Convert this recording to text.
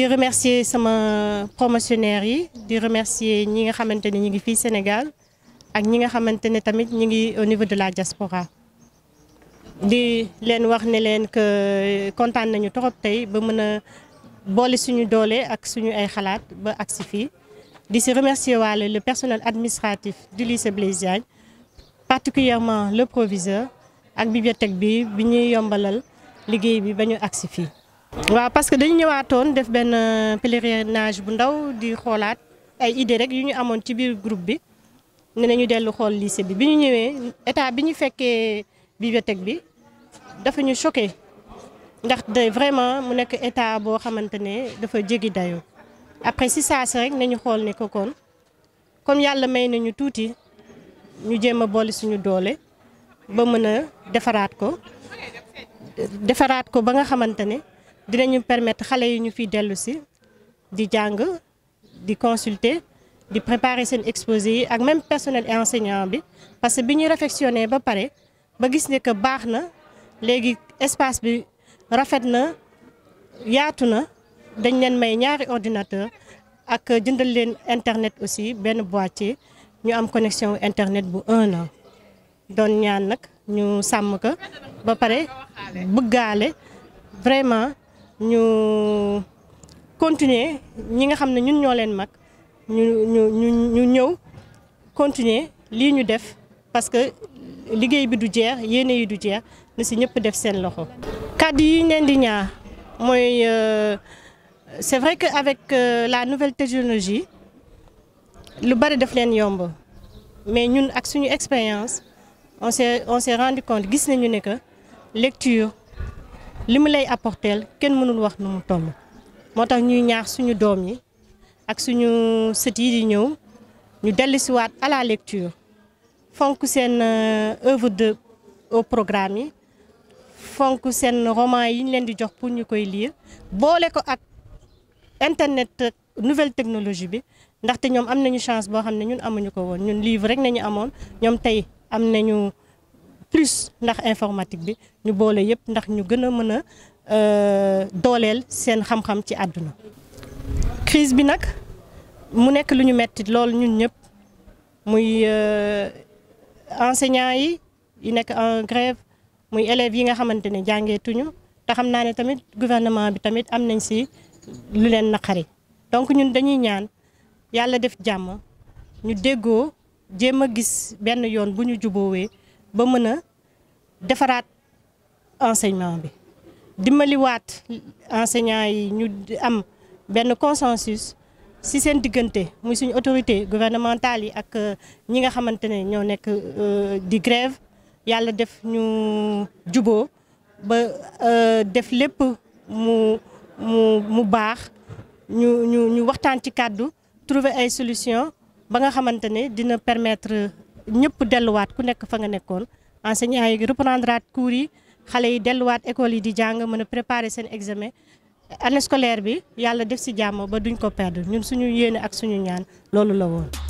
di remercier sama promotionnaire yi di remercier ñi nga xamante ne ñu ngi fii Sénégal ak ñi nga xamante ne tamit ñu ngi au niveau de la diaspora di leen wax ne leen que kontaan nañu trop tey ba mën a boole suñu doole ak suñu ay xalaat ba agsi fii di si remercier waale le personnel administratif du lycée Blaise Diagne particulièrement le proviseur ak bibliothèque bi bi ñuy yombalal liggéey bi ba ñu agsi fii waaw parce que dañu ñëwaatoon def benn euh, pèlerinage bu ndaw di xoolaat ay idée rek yu ñu amoon ci biir groupe bi ne ñu dellu xool lycée bi bi ñu ñëwee état bi ñu fekkee bibliothèque bi dafa ñu choqué ndax de vraiment mu nekk état boo xamante ne dafa jéggi dayoo après si saa si rek nañu xool ne ko kon comme yàlla may nañu tuuti ñu jéem a boole suñu doole ba mën a defaraat ko defaraat ko ba nga xamante ne dinañu permettre xale yi ñu fiy dellu si di jàng di consulter di préparer seen exposé yi ak même personnel et enseignant bi parce que bi ñuy réflexionné ba pare ba gis ni que baax na léegi espace bi rafet na yaatu na dañ leen may ñaari ordinateur ak jëndal leen internet aussi benn boîtier ñu am connexion internet bu un an doon ñaan nag ñu sàmm ka ba pare bëggaale vraiment ñu continuer ñi nga xam ne ñun ñoo leen mag ñu ñu ñu ñëw continuer lii ñu def parce que liggéey bi du jeex yéene yi du jeex na si ñëpp def seen loxo. kàddu yi ñu leen di ñaax mooy euh, c'est vrai que avec euh, la nouvelle technologie lu bari def leen yomb mais ñun ak suñu expérience on s'est on s'est rendu compte gis nañu ne que lecture. li mu lay apporteel kenn mënul wax nu mu toll moo tax ñuy ñaax suñu doom yi ak suñu sët yi ñëw ñu dellusiwaat à la lecture fonk seen euh, œuvre de au programme yi fonk seen roman yi ñu leen di jox pour ñu koy lire boole ko ak internet euh, nouvelle technologie bi ndaxte ñoom am nañu chance boo xam ne ñun amuñu ko woon ñun livre rek nañu amoon ñoom tey am nañu plus ndax informatique bi ñu boole yëpp ndax ñu gën a mën a euh, dooleel seen xam-xam ci àdduna. crise bi nag mu nekk lu ñu metti lool ñun ñëpp muy euh, enseignants yi yi nekk en grève muy élèves yi nga xamante ni jàngeetuñu te xam naa ne tamit gouvernement bi tamit am nañ si lu leen naqari donc ñun dañuy ñaan yàlla def jàmm ñu déggoo jéem a gis benn yoon bu ñu juboowee ba mën a defaraat enseignement bi dimbaliwaat enseignant yi ñu am benn consensus si seen diggante muy suñu autorité gouvernementale yi ak euh, ñi nga xamante ne ñoo nekk euh, di grève yàlla def ñu juboo ba euh, def lépp mu mu mu baax ñu ñu ñu waxtaan ci kàddu trouver ay solution ba nga xamante ne dina permettre ñëpp delluwaat ku nekk fa nga nekkoon enseignant yi reprendre at cours yi xale yi delluwaat école yi di jàng mën a préparer seen examen année scolaire bi yàlla def si jàmm ba duñ ko perdre ñun suñu yéene ak suñu ñaan loolu la woon.